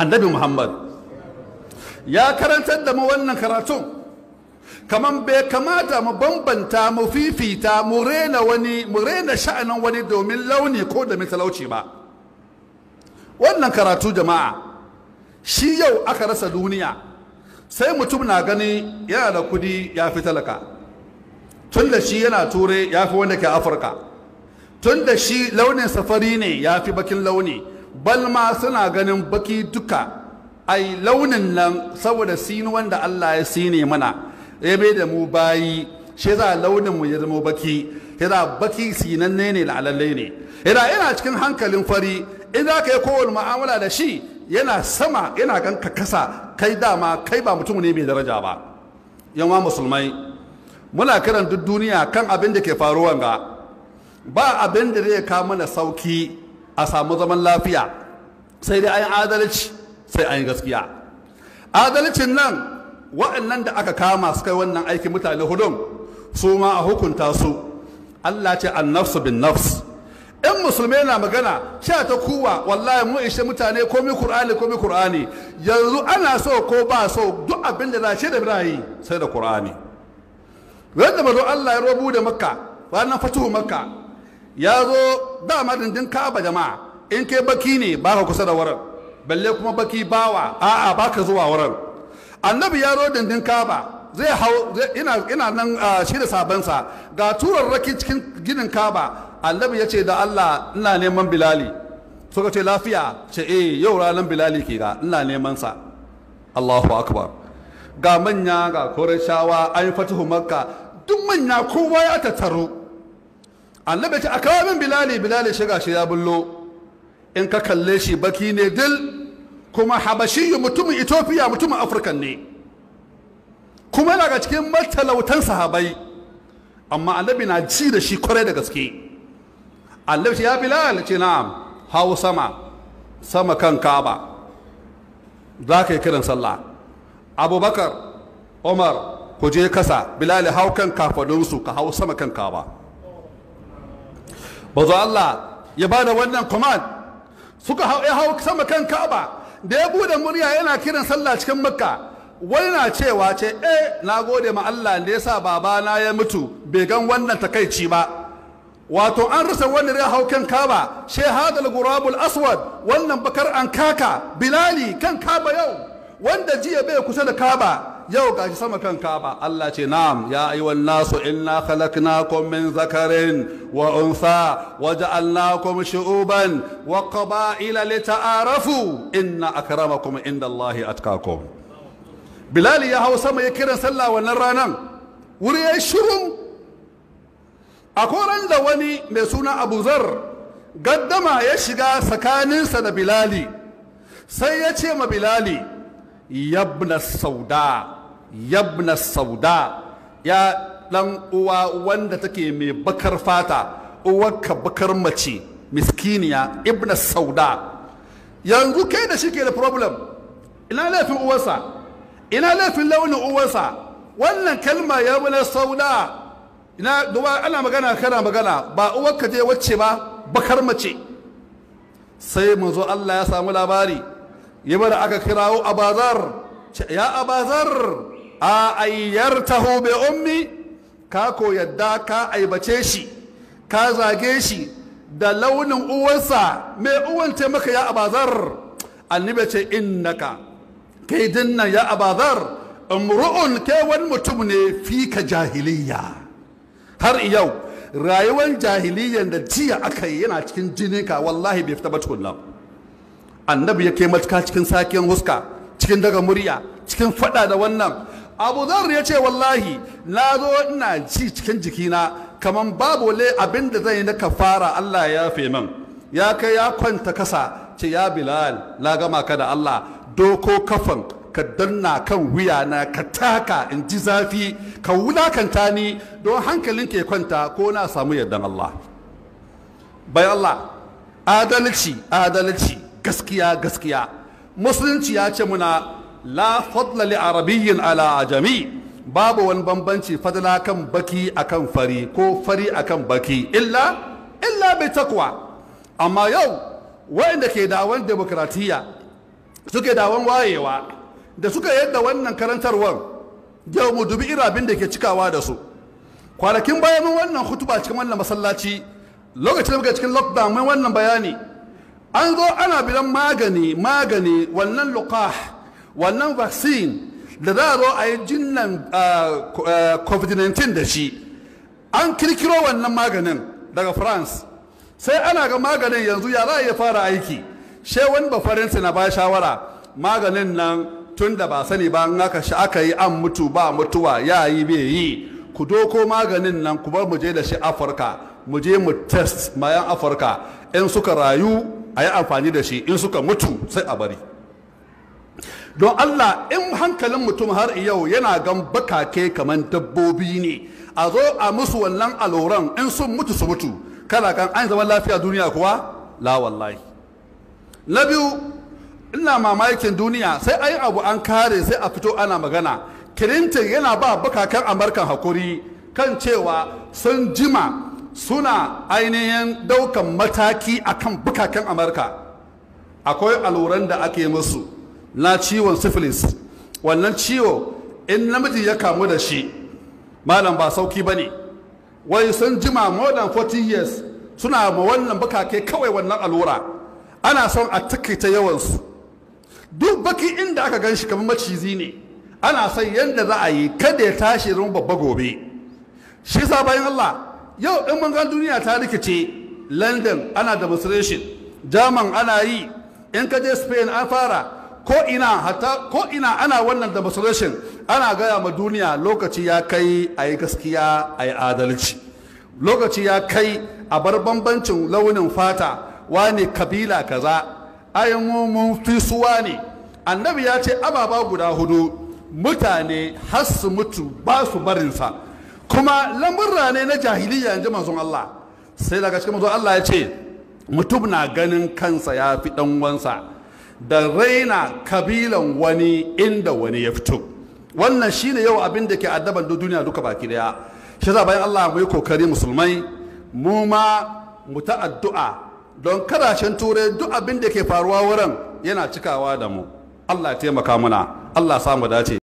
annabi muhammad ya karantar da mu wannan karatu kamar bai kamata mu bambanta mu fifita mu rena wani mu rena sha'anin wani domin launi ko domin talauci ba wannan karatu jama'a shi yau aka rasa duniya sai mutum na gani yana da kudi ya fi talaka tun da shi yana ture ya fi wanda ke afirka tun da shi launin safari ne ya fi bakin launi balma suna ganin baki duka ai launin nan saboda sini wanda Allah ya sine mana ya bai da mu bayi shi za launin mu ya zama baki ya za baki sinanne ne la'alalle ne yana ina cikin hankalin fari in za ka yi kowane mu'amala da shi yana sama yana kan ka kasa kai dama kai ba mutum ne mai daraja ba yanwa musulmai muna kiran duk duniya kan abin da ke faruwa ga ba abin da zai kawo mana sauki a samu zaman lafiya sai dai an yi adalci sai an yi gaskiya adalcin nan wa'annan da aka kama su kai wannan aikin mutane hudun su ma a hukunta su Allah ce an nafsu bin nafs in musulmi na magana sha ta kuwa wallahi mu ishe mutane komi qur'ani komi qur'ani yanzu ana so ko ba so duk abin da da birayi sai da qur'ani wanda mazo Allah ya rubu da makka ranar fatuhu makka ya zo dama dindin kaba jama'a in kai baki ne ba ka kusa da wurin balle kuma baki bawa a'a ba ka zuwa wurin annabi ya zo dindin kaba zai hau ina nan ah, shi da sabansa ga turar raki cikin ginin kaba annabi ya ce da allah ina neman bilali suka ce lafiya ce eh yau ranar bilali ke ga ina neman sa allahu akbar ga manya ga koren shawa an yi fatihu makka duk manya kowa ya tattaru. annabi ce a kawo min bilali bilali shiga shi ya bullo in ka kalle shi baki ne dil kuma habashi mutumin ethiopia mutumin afirka ne kuma daga cikin matalautan sahabai amma annabi na ci da shi kwarai da gaske annabi ya bilal ce na'am hawo sama sama kan kaba za ka yi kiran sallah abubakar umar ku je kasa bilal hau kan kafadunsu ka hau sama kan kaba zo Allah ya ba da wannan command suka hau ya hau sama kan Ka'aba da ya bude murya yana kiran sallah cikin Makka wani na cewa ce eh na gode ma Allah da yasa babana ya mutu bai gan wannan takaici ba wato an rasa wanda ya hau kan Ka'aba she hadal gurabul aswad wannan bakar an kaka bilali kan Ka'aba yau wanda jiya bai kusa da Ka'aba yau gashi sama kan kaba Allah ce na'am ya ayyuhan nasu inna khalaqnakum min zakarin wa unsa wa ja'alnakum shu'uban wa qaba'ila lita'arafu inna akramakum indallahi atqakum Bilal ya hau sama ya kira sallah wannan ranan wuri ya shirum a da wani mai suna Abu Zar gaddama ya shiga tsakaninsa da Bilali sai ya ce ma Bilali yabna sauda yabna sauda ya dan uwa wanda take mai bakar fata uwarka bakar mace miskiniya ibna sauda yanzu kai da shi ke da problem ina laifin uwarsa ina laifin launin uwarsa wannan kalma yabna sauda ina duba ana magana kana magana ba uwarka je wacce ba bakar mace sai zo Allah ya samu labari ya bar aka kirawo abazar ya abazar a taho mai ummi ka ko yadda ka aibace shi ka zage shi da launin uwansa mai uwan maka ya abazar annabi ce innaka kai dinnan ya abazar umru'un kai wani mutum ne fika jahiliya har yau rayuwar jahiliyyar da jiya aka yi yana cikin ka wallahi bai fita ba tukunna annabi ya kai matuka cikin sakin huska cikin daga murya cikin fada da wannan abu zar ya ce wallahi na zo ina ci cikin jikina kamar babu le abin da zai na kafara Allah ya fi man ya kai ya kwanta kasa ce ya bilal na gama ka da Allah doko kafan ka danna kan wuya na ka taka in ji zafi ka wulakanta ni don hankalin ke kwanta ko na samu yardan Allah bai Allah adalci adalci gaskiya gaskiya musulunci ya ce muna la fadla li arabiyyin ala ajami babu wani bambanci fadla kan baki akan fari ko fari akan baki illa illa bi takwa amma yau waɗanda ke dawon demokratiya suke dawon wayewa da suka yadda wannan karantarwar yau mu dubi irabin da ke cikawa da su kwanakin bayan wannan hutuba cikin wannan masallaci lokacin da muka cikin lockdown mai wannan bayani an zo ana bidan magani magani wannan luqah wannan vaccine da za a zo a yi jinnan covid-19 da shi an kirkiro wannan maganin daga france sai ana ga maganin yanzu ya za a iya fara aiki shi wani faransa na ba shawara maganin nan tun da ba sani ba an aka shi aka yi an mutu ba mutuwa ya yi bai yi ku doko maganin nan ku bar mu je da shi afirka mu je mu test mayan afirka in suka rayu a yi amfani da shi in suka mutu sai a bari don Allah in hankalin mutum har yau yana gan bakake kamar dabbobi ne a zo a musu wannan aloran in sun mutu su mutu kana kan an zaman lafiya duniya kuwa la wallahi na biyu ina mamakin duniya sai ai abu an kare sai a fito ana magana kirintin yana ba bakakan amurkan hakuri kan cewa sun jima suna ainihin daukan mataki akan bukakan amurka akwai aluran da ake musu na ciwon syphilis wannan ciwo in namiji ya kamu da shi malam ba sauki ba ne wai sun jima more than 40 years suna ma wannan bukake kawai wannan allura ana son a takaita yawansu duk baki inda aka gan shi kamar macizi ne ana son yadda za a yi kada ya tashi zama babba gobe shi sa bayan Allah yau in mun duniya ta rikice London ana demonstration German ana yi in ka je Spain an fara ko ina hata ko ina ana wannan demonstration ana gaya ma duniya lokaci ya kai a yi gaskiya a yi adalci lokaci ya kai a bar bambancin launin fata Wani kabila kaza ai mun fi suwa ne annabi ya ce ababa guda hudu mutane har su mutu ba su barinsa kuma lamurra ne na jahiliya yanzu mazun Allah sai daga cikin mazun Allah ya ce mutum na ganin kansa ya fi dan wansa da raina kabilan wani inda wani ya fito wannan shine yau abin da ke addaban duniya duka baki daya shi za bayan Allah mai kokari musulmai mu ma mu ta addu'a don karashen turai duk abin da ke faruwa wurin yana cikawa da mu Allah ya taimaka mana Allah samu dace